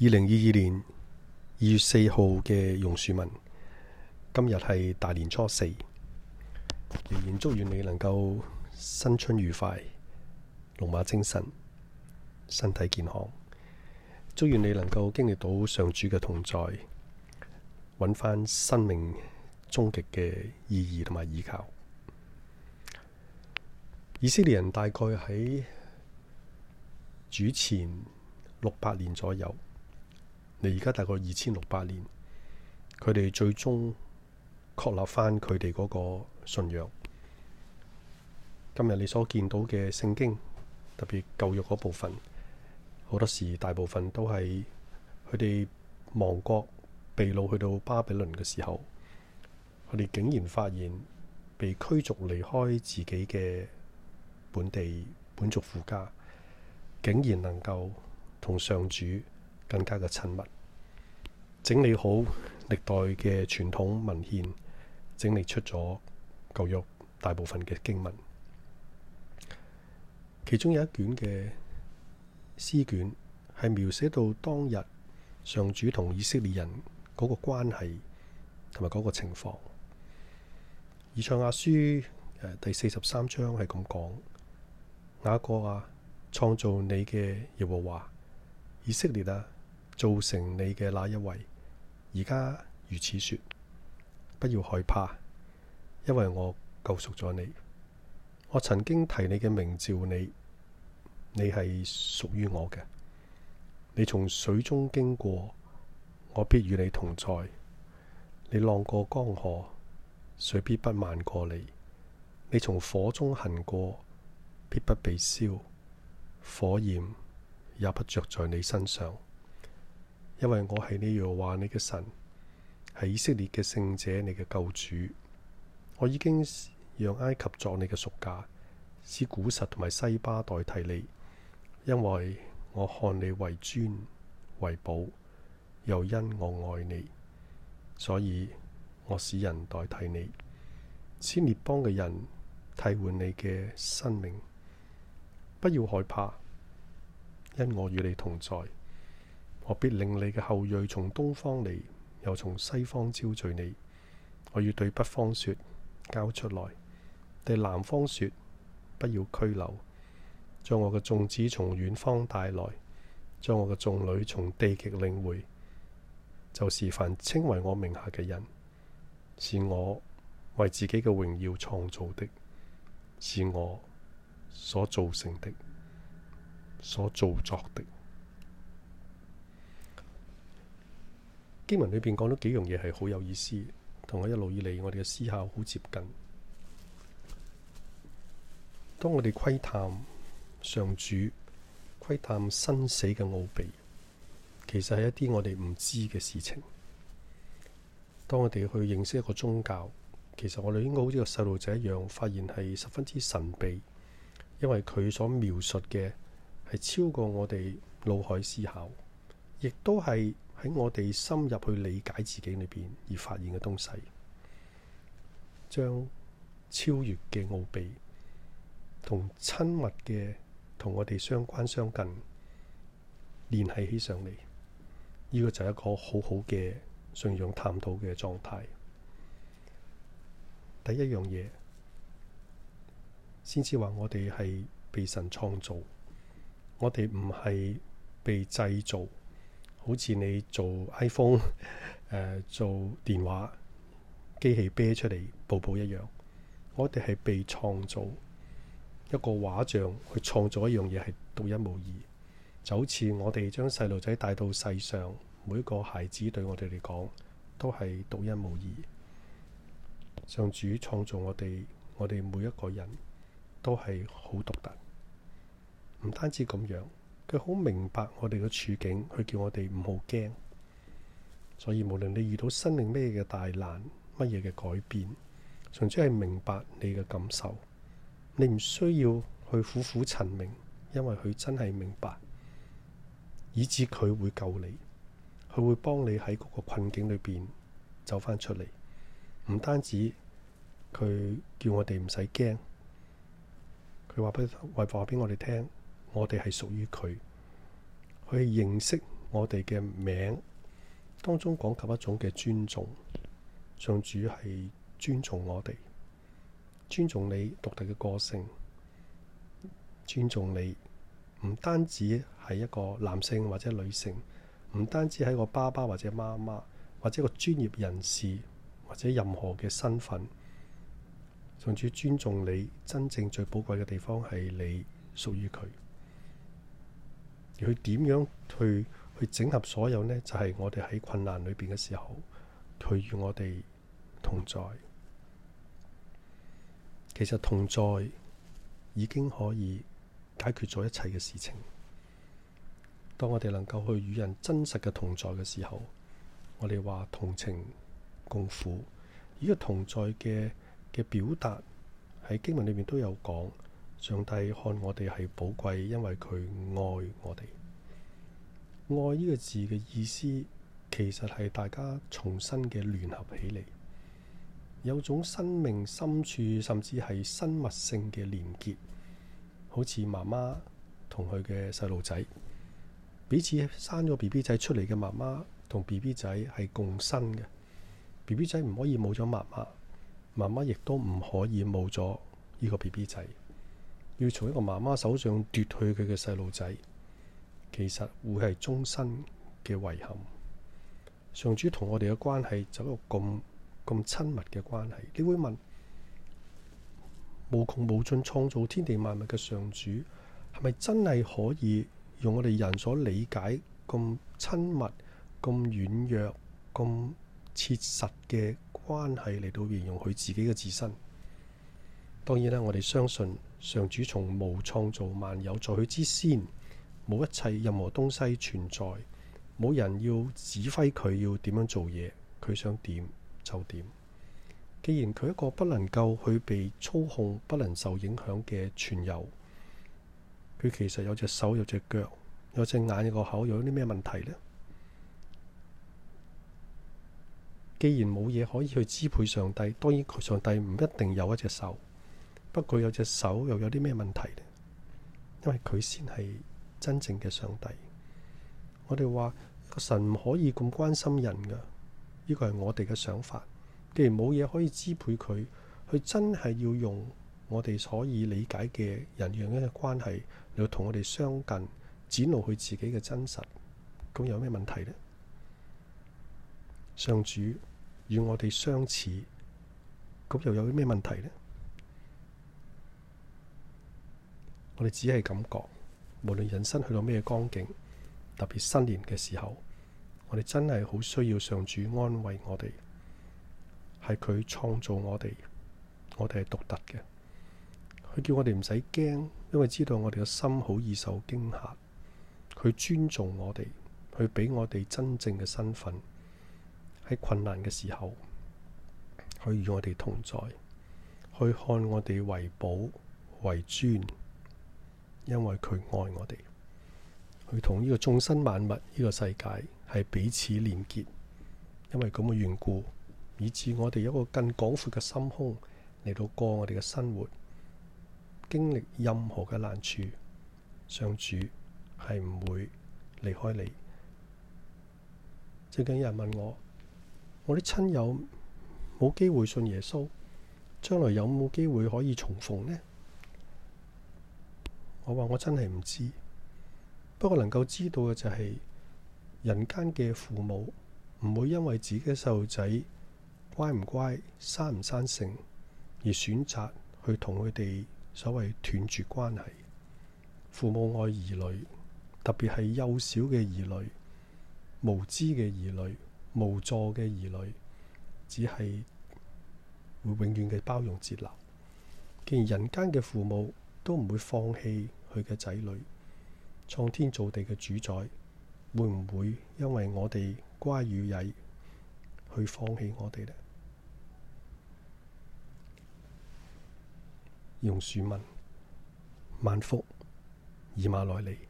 二零二二年二月四號嘅榕樹文，今日係大年初四。仍然祝願你能夠新春愉快，龍馬精神，身體健康。祝願你能夠經歷到上主嘅同在，揾翻生命終極嘅意義同埋依靠。以色列人大概喺主前六百年左右。你而家大概二千六百年，佢哋最終確立翻佢哋嗰個信仰。今日你所見到嘅聖經，特別舊約嗰部分，好多時大部分都係佢哋亡國被擄去到巴比倫嘅時候，佢哋竟然發現被驅逐離開自己嘅本地本族父家，竟然能夠同上主。更加嘅親密，整理好歷代嘅傳統文獻，整理出咗舊約大部分嘅經文。其中有一卷嘅詩卷係描寫到當日上主同以色列人嗰個關係同埋嗰個情況。而《以賽亞書》第四十三章係咁講，雅各啊，創造你嘅耶和華，以色列啊！造成你嘅那一位，而家如此說，不要害怕，因為我救贖咗你。我曾經提你嘅名，召你，你係屬於我嘅。你從水中經過，我必與你同在；你浪過江河，水必不漫過你；你從火中行過，必不被燒；火焰也不着在你身上。因為我係呢又話你嘅神係以色列嘅聖者，你嘅救主。我已經讓埃及作你嘅贖價，使古實同埋西巴代替你，因為我看你為尊為寶，又因我愛你，所以我使人代替你，使列邦嘅人替換你嘅生命。不要害怕，因我與你同在。我必令你嘅後裔從東方嚟，又從西方招聚你。我要對北方說，交出來；對南方說，不要拘留。將我嘅眾子從遠方帶來，將我嘅眾女從地極領回。就是凡稱為我名下嘅人，是我為自己嘅榮耀創造的，是我所造成的，所造作的。經文裏邊講咗幾樣嘢，係好有意思，同我一路以嚟，我哋嘅思考好接近。當我哋窺探上主、窺探生死嘅奧秘，其實係一啲我哋唔知嘅事情。當我哋去認識一個宗教，其實我哋應該好似個細路仔一樣，發現係十分之神秘，因為佢所描述嘅係超過我哋腦海思考，亦都係。喺我哋深入去理解自己裏邊而發現嘅東西，將超越嘅奧秘同親密嘅同我哋相關相近聯繫起上嚟，呢個就係一個好好嘅信仰探討嘅狀態。第一樣嘢，先至話我哋係被神創造，我哋唔係被製造。好似你做 iPhone，誒、呃、做電話機器啤出嚟部部一樣，我哋係被創造一個畫像去創造一樣嘢，係獨一無二，就好似我哋將細路仔帶到世上，每個孩子對我哋嚟講都係獨一無二。上主創造我哋，我哋每一個人都係好獨特，唔單止咁樣。佢好明白我哋嘅處境，佢叫我哋唔好驚。所以無論你遇到生命咩嘅大難，乜嘢嘅改變，純粹係明白你嘅感受。你唔需要去苦苦陳明，因為佢真係明白，以至佢會救你，佢會幫你喺嗰個困境裏邊走翻出嚟。唔單止佢叫我哋唔使驚，佢話俾話話俾我哋聽。我哋係屬於佢，去認識我哋嘅名當中，講及一種嘅尊重。上主係尊重我哋，尊重你獨特嘅個性，尊重你唔單止係一個男性或者女性，唔單止係個爸爸或者媽媽，或者個專業人士或者任何嘅身份。上主尊重你真正最寶貴嘅地方係你屬於佢。佢點樣去去整合所有呢？就係我哋喺困難裏邊嘅時候，佢與我哋同在。其實同在已經可以解決咗一切嘅事情。當我哋能夠去與人真實嘅同在嘅時候，我哋話同情共苦。呢個同在嘅嘅表達喺經文裏面都有講。上帝看我哋係寶貴，因為佢愛我哋。愛呢個字嘅意思，其實係大家重新嘅聯合起嚟，有種生命深處，甚至係生物性嘅連結，好似媽媽同佢嘅細路仔，彼此生咗 B B 仔出嚟嘅媽媽同 B B 仔係共生嘅。B B 仔唔可以冇咗媽媽，媽媽亦都唔可以冇咗呢個 B B 仔。要從一個媽媽手上奪去佢嘅細路仔，其實會係終身嘅遺憾。上主同我哋嘅關係走入咁咁親密嘅關係，你會問無窮無盡創造天地萬物嘅上主係咪真係可以用我哋人所理解咁親密、咁軟弱、咁切實嘅關係嚟到形容佢自己嘅自身？當然啦，我哋相信。上主從無創造萬有，在佢之先冇一切任何東西存在，冇人要指揮佢要點樣做嘢，佢想點就點。既然佢一個不能夠去被操控、不能受影響嘅全有，佢其實有隻手、有隻腳、有隻眼、有個口，有啲咩問題呢？既然冇嘢可以去支配上帝，當然佢上帝唔一定有一隻手。不過，佢有隻手又有啲咩問題呢？因為佢先係真正嘅上帝。我哋話個神唔可以咁關心人噶，呢、這個係我哋嘅想法。既然冇嘢可以支配佢，佢真係要用我哋可以理解嘅人樣嘅關係嚟同我哋相近，展露佢自己嘅真實，咁有咩問題呢？上主與我哋相似，咁又有啲咩問題呢？我哋只係感覺，無論人生去到咩光景，特別新年嘅時候，我哋真係好需要上主安慰我哋。係佢創造我哋，我哋係獨特嘅。佢叫我哋唔使驚，因為知道我哋嘅心好易受驚嚇。佢尊重我哋，佢俾我哋真正嘅身份。喺困難嘅時候，佢與我哋同在，佢看我哋為寶為尊。因為佢愛我哋，佢同呢個眾生萬物呢個世界係彼此連結，因為咁嘅緣故，以致我哋一個更廣闊嘅心胸嚟到過我哋嘅生活，經歷任何嘅難處，上主係唔會離開你。最近有人問我，我啲親友冇機會信耶穌，將來有冇機會可以重逢呢？我話：我真係唔知，不過能夠知道嘅就係，人間嘅父母唔會因為自己嘅細路仔乖唔乖、生唔生性而選擇去同佢哋所謂斷絕關係。父母愛兒女，特別係幼小嘅兒女、無知嘅兒女、無助嘅兒女，只係會永遠嘅包容接納。既然人間嘅父母都唔會放棄。佢嘅仔女，創天造地嘅主宰，會唔會因為我哋乖與曳，去放棄我哋呢？用樹文，萬福，以馬內利。